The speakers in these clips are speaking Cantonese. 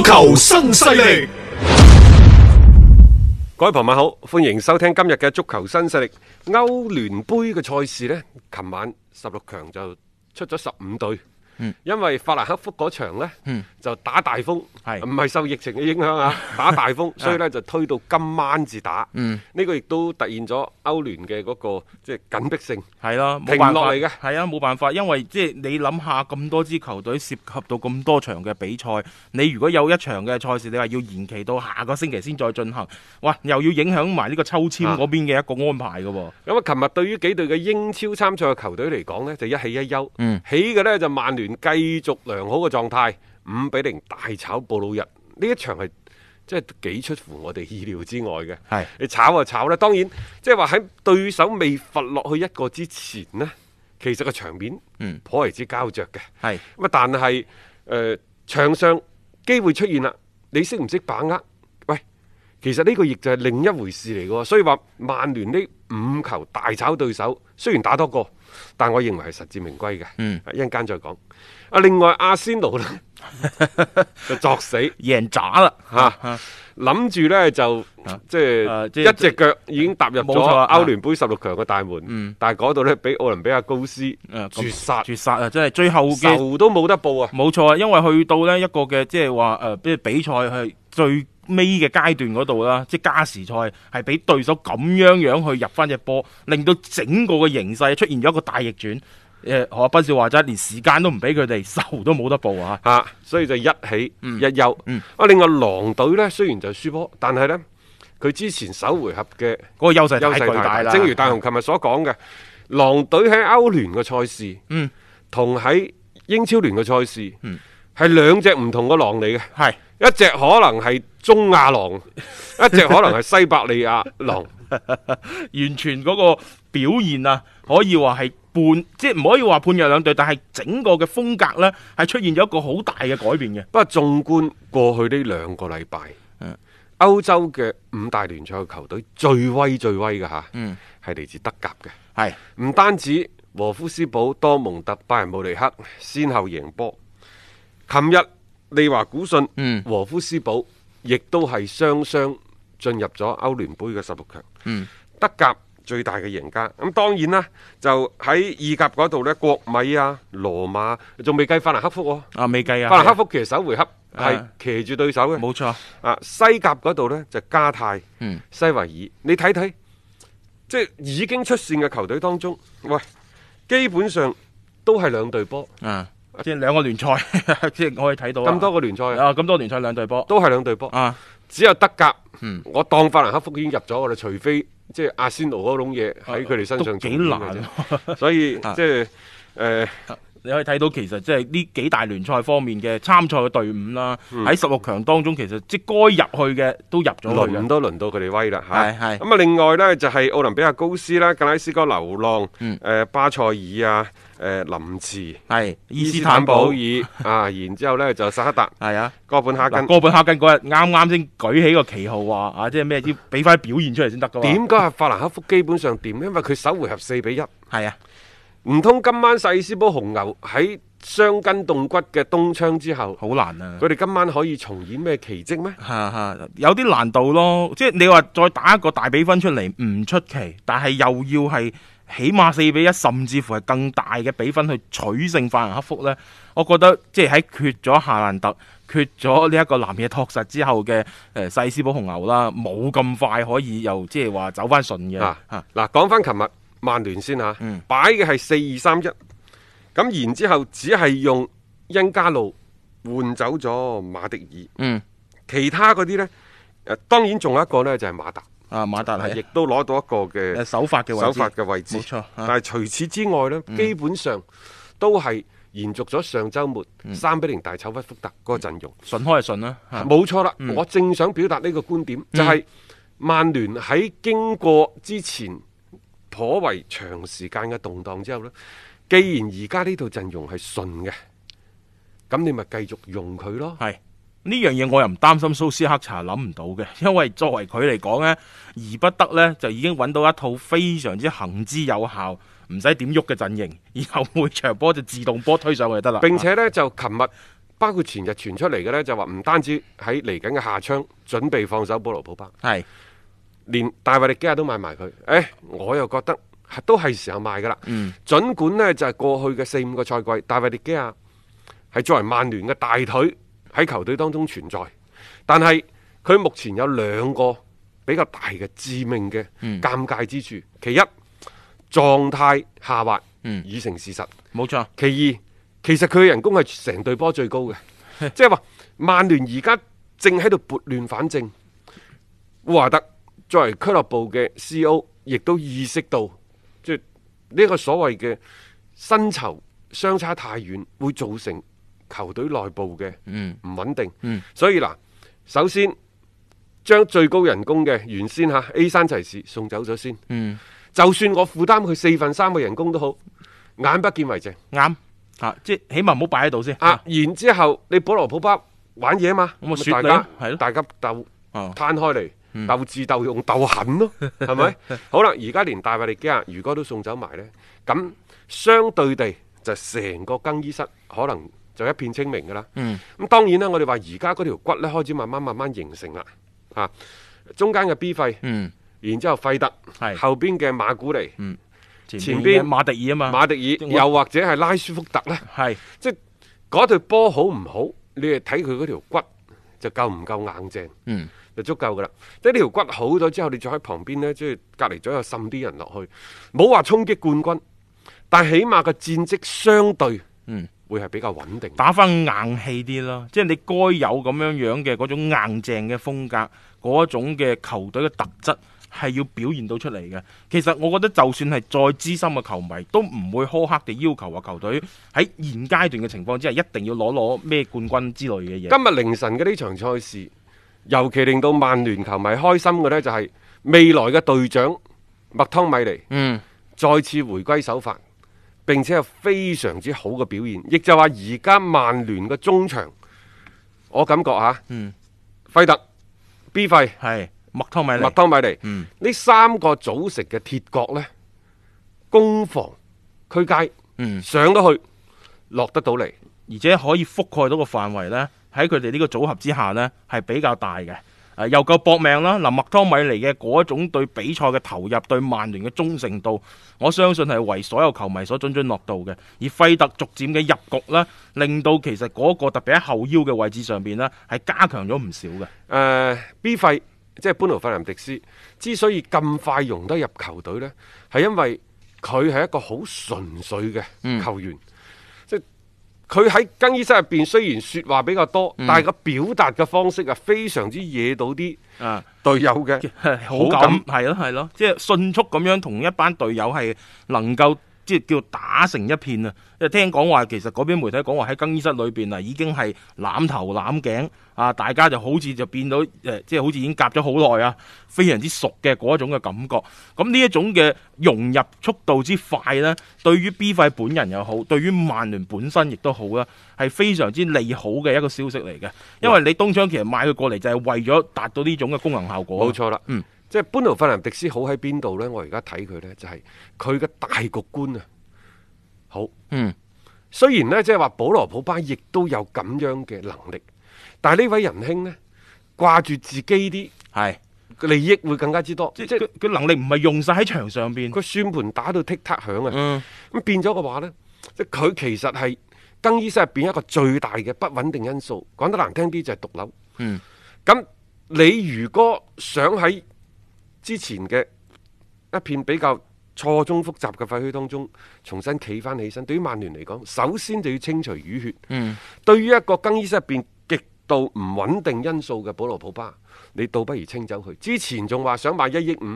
足球新勢力，各位朋友好，歡迎收聽今日嘅足球新勢力。歐聯杯嘅賽事咧，琴晚十六強就出咗十五隊。嗯、因為法蘭克福嗰場咧、嗯，就打大風，係唔係受疫情嘅影響啊，啊？打大風，啊、所以呢就推到今晚至打。嗯、呢、這個亦都突現咗歐聯嘅嗰個即係、就是、緊迫性。係、嗯、咯，停唔落嚟嘅。係啊，冇辦法，因為即係你諗下咁多支球隊涉及到咁多場嘅比賽，你如果有一場嘅賽事你話要延期到下個星期先再進行，哇，又要影響埋呢個抽籤嗰邊嘅一個安排嘅。咁啊，琴日對於幾隊嘅英超參賽嘅球隊嚟講呢，就一喜一憂、嗯。喜嘅呢就曼聯。繼續良好嘅狀態，五比零大炒布魯日呢一場係即係幾出乎我哋意料之外嘅。係你炒就炒啦，當然即係話喺對手未罰落去一個之前呢，其實個場面嗯，頗為之膠著嘅。係咁啊，但係誒、呃、場上機會出現啦，你識唔識把握？喂，其實呢個亦就係另一回事嚟嘅，所以話曼聯呢？五球大炒對手，雖然打多個，但我認為係實至名歸嘅。嗯，一陣間再講。啊，另外阿仙奴咧 就作死，贏渣啦吓，諗住咧就即係、啊啊、一隻腳已經踏入冇錯歐聯杯十六強嘅大門。啊、但係嗰度咧俾奧林比亞高斯絕殺，嗯，嗯絕殺絕殺啊！真係最後嘅球都冇得報啊！冇錯啊，因為去到呢一個嘅即係話誒，比賽係最。尾嘅階段嗰度啦，即係加時賽係俾對手咁樣樣去入翻隻波，令到整個嘅形勢出現咗一個大逆轉。誒、呃，何阿斌少話齋連時間都唔俾佢哋，仇都冇得報啊！吓、啊，所以就一起一休。啊、嗯嗯嗯，另外狼隊呢，雖然就輸波，但係呢，佢之前首回合嘅個優勢優勢太大啦。正如大雄琴日所講嘅、啊，狼隊喺歐聯嘅賽事，嗯，同喺英超聯嘅賽事，嗯。嗯係兩隻唔同嘅狼嚟嘅，係一隻可能係中亞狼， 一隻可能係西伯利亞狼， 完全嗰個表現啊，可以話係半，即係唔可以話判若兩隊，但係整個嘅風格呢，係出現咗一個好大嘅改變嘅。不過縱觀過去呢兩個禮拜，歐洲嘅五大聯賽嘅球隊最威最威嘅吓，係、嗯、嚟自德甲嘅，係唔單止和夫斯堡、多蒙特、拜仁慕尼黑，先後贏波。琴日利華古信、和夫斯堡亦都係雙雙進入咗歐聯盃嘅十六強，嗯，德甲最大嘅贏家。咁當然啦，就喺意甲嗰度呢，國米啊、羅馬仲未計法蘭克福哦、啊，啊，未計啊，法蘭克福其實首回合係騎住對手嘅，冇錯。啊，西甲嗰度呢，就加泰、嗯、西維爾，你睇睇，即係已經出線嘅球隊當中，喂，基本上都係兩隊波，嗯。即係兩個聯賽，即係我可以睇到咁多個聯賽啊！咁多聯賽兩隊波，都係兩隊波啊！只有德甲、嗯，我當法蘭克福已經入咗我哋，除非即係阿仙奴嗰種嘢喺佢哋身上做、啊幾難，所以即係誒。啊就是你可以睇到，其實即係呢幾大聯賽方面嘅參賽嘅隊伍啦、啊。喺十六強當中，其實即該入去嘅都入咗輪輪都輪到佢哋威啦。咁啊，另外呢，就係、是、奧林比亞高斯啦、格拉斯哥流浪、嗯、巴塞爾啊、呃、林茨、係伊斯坦堡爾。 啊，然之後呢，就薩克達係啊，哥本哈根。啊、哥本哈根嗰日啱啱先舉起個旗號話啊，啊，即係咩？要俾翻表現出嚟先得。點解法蘭克福基本上掂？因為佢首回合四比一。啊。唔通今晚細斯堡紅牛喺傷筋動骨嘅冬窗之後，好難啊！佢哋今晚可以重演咩奇蹟咩？吓吓，有啲難度咯。即係你話再打一個大比分出嚟唔出奇，但係又要係起碼四比一，甚至乎係更大嘅比分去取勝法蘭克福呢。我覺得即係喺缺咗夏蘭特、缺咗呢一個南野拓實之後嘅誒，細斯堡紅牛啦，冇咁快可以又即係話走翻順嘅嗱，講翻琴日，啊曼聯先吓、啊，擺嘅係四二三一，咁然之後只係用恩加路換走咗馬迪爾，嗯，其他嗰啲呢，當然仲有一個呢，就係馬達，啊馬達係，亦都攞到一個嘅首發嘅位置，位置，但係除此之外呢，嗯、基本上都係延續咗上周末三比零大炒屈福特嗰個陣容，順開係順啦、啊，冇、嗯、錯啦、嗯。我正想表達呢個觀點，嗯、就係、是、曼聯喺經過之前。可為長時間嘅動盪之後呢，既然而家呢套陣容係順嘅，咁你咪繼續用佢咯。係呢樣嘢我又唔擔心蘇斯克查諗唔到嘅，因為作為佢嚟講呢，而不得呢，就已經揾到一套非常之行之有效，唔使點喐嘅陣容，以後每場波就自動波推上去就得啦。並且呢，就琴日包括前日傳出嚟嘅呢，就話唔單止喺嚟緊嘅下窗準備放手保羅普巴。係。連大衛利基亞都賣埋佢，誒、欸，我又覺得都係時候賣㗎喇。嗯，儘管呢就係、是、過去嘅四五個賽季，大衛利基亞係作為曼聯嘅大腿喺球隊當中存在，但係佢目前有兩個比較大嘅致命嘅尷尬之處、嗯。其一，狀態下滑，已成事實，冇、嗯、錯。其二，其實佢嘅人工係成隊波最高嘅，即係話曼聯而家正喺度撥亂反正，烏亞德。作為俱樂部嘅 C.O.，亦都意識到，即係呢個所謂嘅薪酬相差太遠，會造成球隊內部嘅唔穩定嗯。嗯，所以嗱，首先將最高人工嘅原先吓 A 山齊士送走咗先。嗯，就算我負擔佢四份三個人工都好，眼不見為淨。啱吓，即起碼唔好擺喺度先。啊，然之後你保羅普巴玩嘢啊嘛，大家大家鬥啊，攤開嚟。嗯、鬥智鬥勇鬥狠咯，係咪？ 好啦，而家連大衛迪基亞，如果都送走埋咧，咁相對地就成個更衣室可能就一片清明噶啦。嗯，咁當然啦，我哋話而家嗰條骨咧開始慢慢慢慢形成啦。吓、啊，中間嘅 B 費，嗯，然之後費德，係後邊嘅馬古尼，嗯，前邊馬迪爾啊嘛的馬爾，馬迪爾，又或者係拉舒福特咧，係即係嗰對波好唔好？你哋睇佢嗰條骨就夠唔夠硬正？嗯。就足夠噶啦，即係呢條骨好咗之後，你再喺旁邊呢，即係隔離左右滲啲人落去，冇話衝擊冠軍，但起碼個戰績相對，嗯，會係比較穩定，打翻硬氣啲咯。即係你該有咁樣樣嘅嗰種硬淨嘅風格，嗰種嘅球隊嘅特質係要表現到出嚟嘅。其實我覺得，就算係再資深嘅球迷，都唔會苛刻地要求話球隊喺現階段嘅情況之下一定要攞攞咩冠軍之類嘅嘢。今日凌晨嘅呢場賽事。尤其令到曼聯球迷開心嘅呢，就係未來嘅隊長麥湯米尼，嗯，再次回歸首發，並且係非常之好嘅表現，亦就話而家曼聯嘅中場，我感覺吓，嗯，費特、B 費係麥湯米麥湯米尼，呢、嗯、三個組成嘅鐵角呢，攻防俱佳，上得去，落得到嚟，而且可以覆蓋到個範圍呢，喺佢哋呢個組合之下呢係比較大嘅，誒、呃、又夠搏命啦！林麥湯米尼嘅嗰一種對比賽嘅投入，對曼聯嘅忠誠度，我相信係為所有球迷所津津樂道嘅。而費特逐漸嘅入局呢，令到其實嗰個特別喺後腰嘅位置上邊呢係加強咗唔少嘅。誒，B 費即係班奴費南迪斯，之所以咁快融得入球隊呢係因為佢係一個好純粹嘅球員。佢喺更衣室入邊雖然說話比較多，嗯、但係個表達嘅方式啊非常之惹到啲啊隊友嘅好感，嗯，係咯係咯，即係、嗯、迅速咁樣同一班隊友係能夠。即係叫打成一片啊！即係聽講話，其實嗰邊媒體講話喺更衣室裏邊啊，已經係攬頭攬頸啊，大家就好似就變到誒，即係好似已經夾咗好耐啊，非常之熟嘅嗰一種嘅感覺。咁呢一種嘅融入速度之快呢，對於 B 費本人又好，對於曼聯本身亦都好啦，係非常之利好嘅一個消息嚟嘅。因為你東窗其實買佢過嚟就係為咗達到呢種嘅功能效果，冇錯啦，嗯。即係搬奴法蘭迪斯好喺邊度呢？我而家睇佢呢，就係佢嘅大局觀啊！好，嗯，雖然呢，即係話保羅普巴亦都有咁樣嘅能力，但係呢位仁兄呢，掛住自己啲係利益會更加之多，即係佢能力唔係用晒喺場上邊，個算盤打到剔撻響啊！嗯，咁變咗嘅話呢，即係佢其實係更衣室入邊一個最大嘅不穩定因素。講得難聽啲就係毒瘤。嗯，咁你如果想喺之前嘅一片比較錯綜複雜嘅廢墟當中，重新企翻起身。對於曼聯嚟講，首先就要清除淤血。嗯，對於一個更衣室入邊極度唔穩定因素嘅保羅普巴，你倒不如清走佢。之前仲話想買一億五，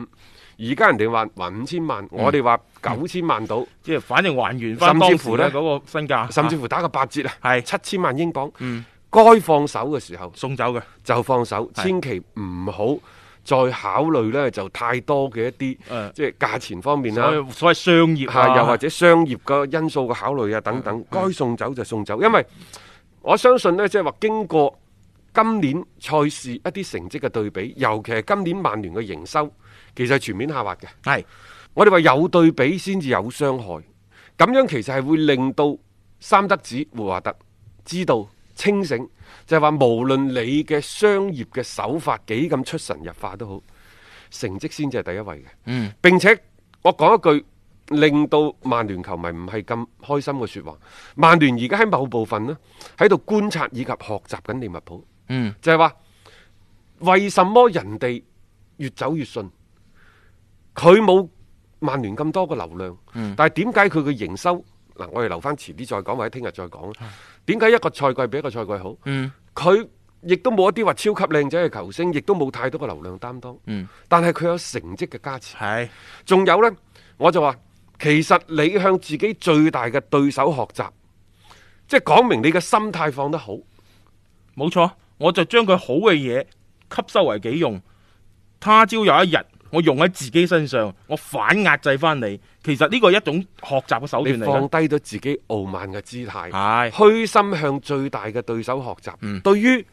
而家人哋話還五千萬，嗯、我哋話九千萬到、嗯嗯，即係反正還原甚至乎呢個身價，甚至乎打個八折啊，係七千萬英鎊。嗯，該放手嘅時候送走嘅就放手，千祈唔好。再考慮呢，就太多嘅一啲，即係價錢方面啦，所謂商業嚇、啊，又或者商業嘅因素嘅考慮啊，等等。該送走就送走，因為我相信呢，即係話經過今年賽事一啲成績嘅對比，尤其係今年曼聯嘅營收其實係全面下滑嘅。係，我哋話有對比先至有傷害，咁樣其實係會令到三德子胡華德知道。清醒就係話，無論你嘅商業嘅手法幾咁出神入化都好，成績先至係第一位嘅。嗯，並且我講一句令到曼聯球迷唔係咁開心嘅說話：曼聯而家喺某部分呢，喺度觀察以及學習緊利物浦。嗯，就係話，為什麼人哋越走越順，佢冇曼聯咁多嘅流量，嗯，但係點解佢嘅營收？嗱，我哋留翻遲啲再講，或者聽日再講啦。點解一個賽季比一個賽季好？嗯，佢亦都冇一啲話超級靚仔嘅球星，亦都冇太多嘅流量擔當。嗯，但係佢有成績嘅加持。係，仲有呢，我就話其實你向自己最大嘅對手學習，即係講明你嘅心態放得好。冇錯，我就將佢好嘅嘢吸收為己用。他朝有一日。我用喺自己身上，我反壓制翻你。其實呢個一種學習嘅手段嚟。你放低咗自己傲慢嘅姿態，係虛心向最大嘅對手學習。嗯。對於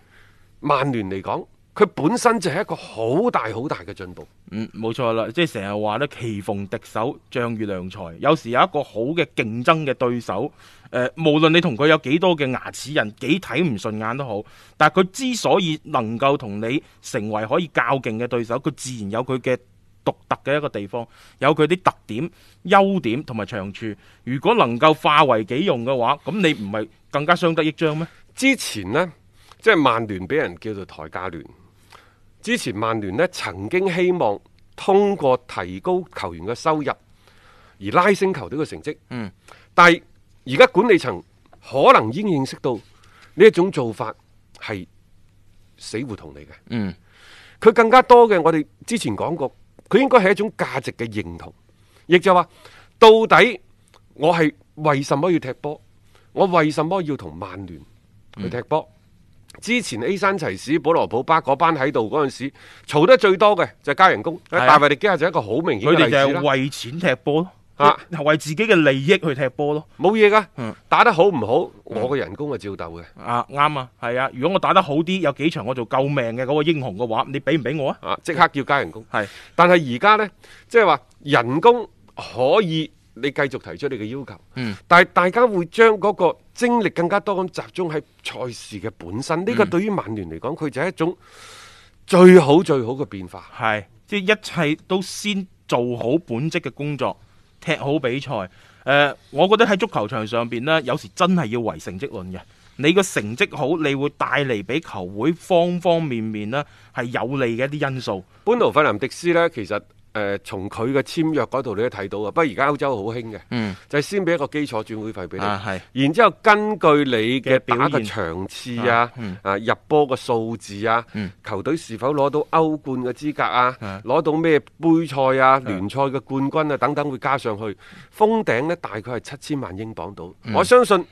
曼聯嚟講，佢本身就係一個好大好大嘅進步。嗯，冇錯啦，即係成日話咧，棋逢敵手，將遇良才。有時有一個好嘅競爭嘅對手，呃，無論你同佢有幾多嘅牙齒人幾睇唔順眼都好，但佢之所以能夠同你成為可以較勁嘅對手，佢自然有佢嘅，獨特嘅一個地方，有佢啲特點、優點同埋長處。如果能夠化為己用嘅話，咁你唔係更加相得益彰咩？之前呢，即係曼聯俾人叫做抬價聯。之前曼聯咧，曾經希望通過提高球員嘅收入而拉升球隊嘅成績。嗯，但係而家管理層可能已經認識到呢一種做法係死胡同嚟嘅。嗯，佢更加多嘅，我哋之前講過。佢應該係一種價值嘅認同，亦就係話到底我係為什麼要踢波？我為什麼要同曼聯去踢波？嗯、之前 A 山齊士、保羅普巴嗰班喺度嗰陣時，吵得最多嘅就係加人工。大衛迪基亞就一個好明顯，佢哋就係為錢踢波啊，為自己嘅利益去踢波咯，冇嘢噶。打得好唔好，我個人工係照鬥嘅。啊，啱啊，係啊。如果我打得好啲，有幾場我做救命嘅嗰個英雄嘅話，你俾唔俾我啊？啊，即刻叫加人工。係、嗯，但係而家呢，即係話人工可以你繼續提出你嘅要求。嗯，但係大家會將嗰個精力更加多咁集中喺賽事嘅本身。呢、嗯呢個對於曼聯嚟講，佢就係一種最好最好嘅變化。係、嗯，即係一切都先做好本職嘅工作。踢好比賽，誒、呃，我覺得喺足球場上邊呢，有時真係要唯成績論嘅。你個成績好，你會帶嚟俾球會方方面面呢係有利嘅一啲因素。班奴費林迪斯呢，其實。誒、呃，從佢嘅簽約嗰度，你都睇到啊！不過而家歐洲好興嘅，嗯，就係、是、先俾一個基礎轉會費俾你，啊、然之後根據你嘅打嘅場次啊，啊、嗯、啊入波嘅數字啊、嗯，球隊是否攞到歐冠嘅資格啊，攞、啊、到咩杯賽啊、啊聯賽嘅冠軍啊等等，會加上去，封頂呢，大概係七千萬英鎊到、嗯。我相信，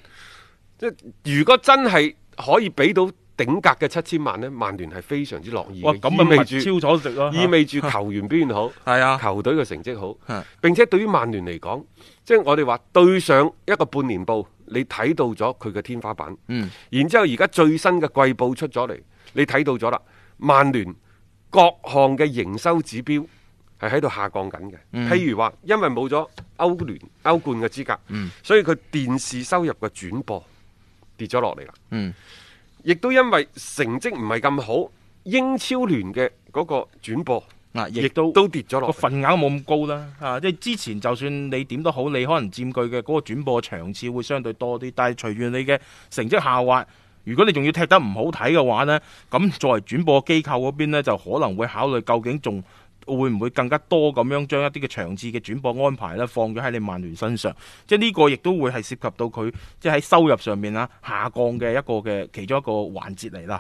即如果真係可以俾到。頂格嘅七千萬呢，曼聯係非常之樂意咁，就係、意味住超所值，啊、意味住球員表現好，係啊，球隊嘅成績好。係、啊，並且對於曼聯嚟講，即、就、係、是、我哋話對上一個半年報，你睇到咗佢嘅天花板。嗯、然之後而家最新嘅季報出咗嚟，你睇到咗啦，曼聯各項嘅營收指標係喺度下降緊嘅。譬、嗯、如話，因為冇咗歐聯、歐冠嘅資格、嗯，所以佢電視收入嘅轉播跌咗落嚟啦。嗯。亦都因為成績唔係咁好，英超聯嘅嗰個轉播啊，亦都都跌咗落，個份額冇咁高啦。啊，即係之前就算你點都好，你可能佔據嘅嗰個轉播場次會相對多啲。但係隨住你嘅成績下滑，如果你仲要踢得唔好睇嘅話呢，咁作為轉播機構嗰邊呢，就可能會考慮究竟仲。會唔會更加多咁樣將一啲嘅場次嘅轉播安排咧放咗喺你曼聯身上？即係呢個亦都會係涉及到佢即係喺收入上面啦，下降嘅一個嘅其中一個環節嚟啦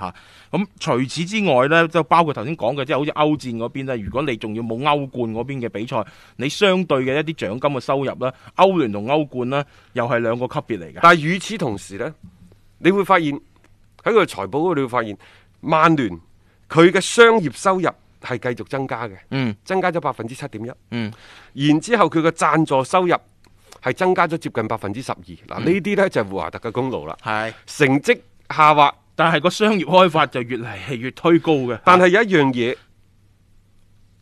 吓。咁除此之外咧，都包括頭先講嘅，即係好似歐戰嗰邊呢，如果你仲要冇歐冠嗰邊嘅比賽，你相對嘅一啲獎金嘅收入呢，歐聯同歐冠呢，又係兩個級別嚟嘅。但係與此同時呢，你會發現喺佢財報嗰度你會發現，曼聯佢嘅商業收入。係繼續增加嘅，嗯，增加咗百分之七點一，然之後佢嘅贊助收入係增加咗接近百分之十二。嗱，呢啲呢就係華特嘅功勞啦。係成績下滑，但係個商業開發就越嚟係越推高嘅。但係有一樣嘢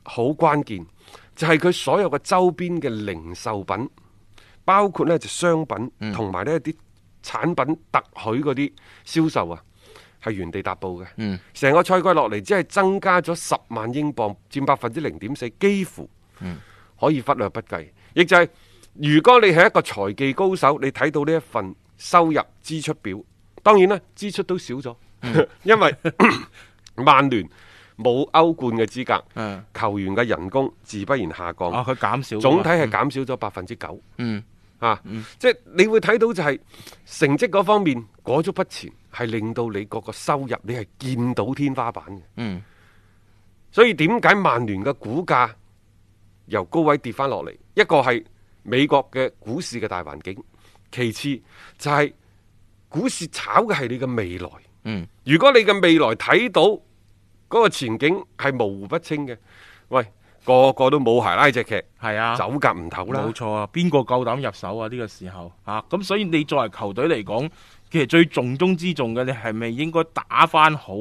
好關鍵，就係、是、佢所有嘅周邊嘅零售品，包括呢就商品同埋呢啲產品特許嗰啲銷售啊。係原地踏步嘅，成、嗯、個賽季落嚟只係增加咗十萬英鎊，佔百分之零點四，幾乎可以忽略不計。亦、嗯、就係、是，如果你係一個財技高手，你睇到呢一份收入支出表，當然啦，支出都少咗、嗯，因為曼聯冇歐冠嘅資格、啊，球員嘅人工自不然下降。哦、啊，佢減少了，總體係減少咗百分之九。嗯，啊，嗯、即係你會睇到就係、是、成績嗰方面裹足不前。係令到你嗰個收入，你係見到天花板嘅。嗯，所以點解曼聯嘅股價由高位跌翻落嚟？一個係美國嘅股市嘅大環境，其次就係股市炒嘅係你嘅未來。嗯，如果你嘅未來睇到嗰個前景係模糊不清嘅，喂，個個都冇鞋拉隻劇，係啊，走夾唔唞啦。冇錯啊，邊個夠膽入手啊？呢個時候啊，咁所以你作為球隊嚟講。其實最重中之重嘅，你係咪應該打翻好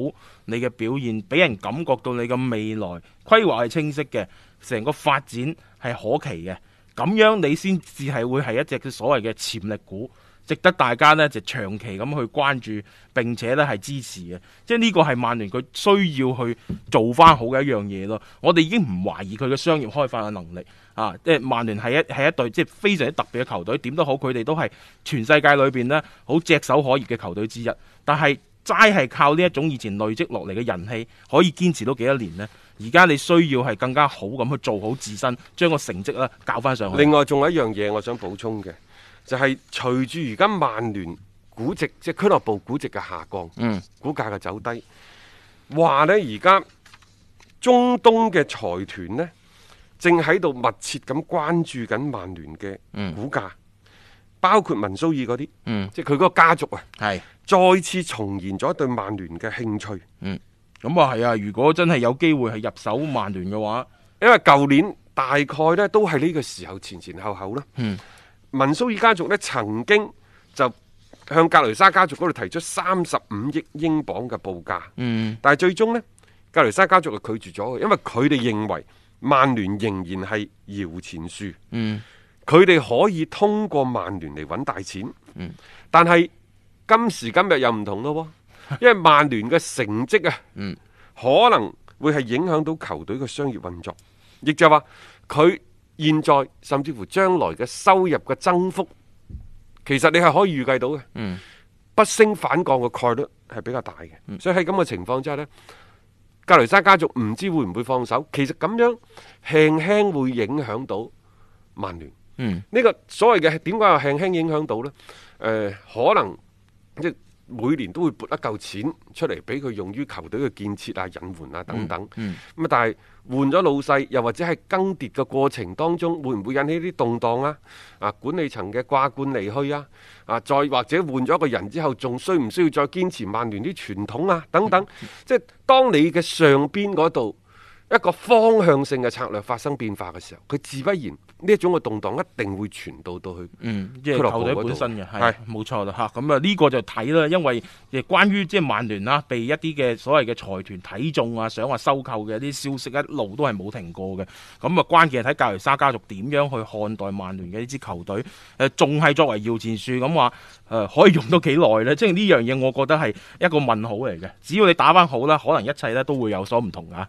你嘅表現，俾人感覺到你嘅未來規劃係清晰嘅，成個發展係可期嘅，咁樣你先至係會係一隻所謂嘅潛力股，值得大家呢就長期咁去關注，並且呢係支持嘅，即係呢個係曼聯佢需要去做翻好嘅一樣嘢咯。我哋已經唔懷疑佢嘅商業開發嘅能力。啊！即係曼聯係一係一隊，即係非常之特別嘅球隊。點都好，佢哋都係全世界裏面呢好隻手可熱嘅球隊之一。但係齋係靠呢一種以前累積落嚟嘅人氣，可以堅持到幾多年呢？而家你需要係更加好咁去做好自身，將個成績咧搞翻上去。另外仲有一樣嘢我想補充嘅，就係、是、隨住而家曼聯估值即係俱樂部估值嘅下降，嗯，股價嘅走低，話呢，而家中東嘅財團呢，正喺度密切咁關注緊曼聯嘅股價、嗯，包括文蘇爾嗰啲，即係佢嗰個家族啊，再次重現咗對曼聯嘅興趣。咁啊係啊，如果真係有機會係入手曼聯嘅話，因為舊年大概呢都係呢個時候前前後後啦、嗯。文蘇爾家族呢，曾經就向格雷莎家族嗰度提出三十五億英鎊嘅報價、嗯，但係最終呢，格雷莎家族就拒絕咗佢，因為佢哋認為。曼聯仍然係搖錢樹，嗯，佢哋可以通過曼聯嚟揾大錢，嗯，但係今時今日又唔同咯，因為曼聯嘅成績啊，嗯，可能會係影響到球隊嘅商業運作，亦就話佢現在甚至乎將來嘅收入嘅增幅，其實你係可以預計到嘅，嗯，不升反降嘅概率係比較大嘅，所以喺咁嘅情況之下呢。格雷莎家族唔知會唔會放手，其實咁樣輕輕會影響到曼聯。嗯，呢、這個所謂嘅點解話輕輕影響到呢？誒、呃，可能即。每年都會撥一嚿錢出嚟俾佢用於球隊嘅建設啊、引援啊等等。咁、嗯、啊、嗯，但係換咗老細，又或者係更迭嘅過程當中，會唔會引起啲動盪啊？啊，管理層嘅掛冠離去啊！啊，再或者換咗一個人之後，仲需唔需要再堅持曼聯啲傳統啊？等等，嗯、即係當你嘅上邊嗰度。一個方向性嘅策略發生變化嘅時候，佢自不然呢一種嘅動盪一定會傳導到去嗯、即係、球隊本身嘅係冇錯啦吓，咁啊，呢個就睇啦，因為亦關於即係曼聯啦、啊，被一啲嘅所謂嘅財團睇中啊，想話收購嘅啲消息一路都係冇停過嘅。咁啊，關鍵係睇格雷沙家族點樣去看待曼聯嘅呢支球隊誒，仲、呃、係作為搖錢樹咁話誒，可以用到幾耐呢？即係呢樣嘢，這個、我覺得係一個問號嚟嘅。只要你打返好啦，可能一切咧都會有所唔同啊！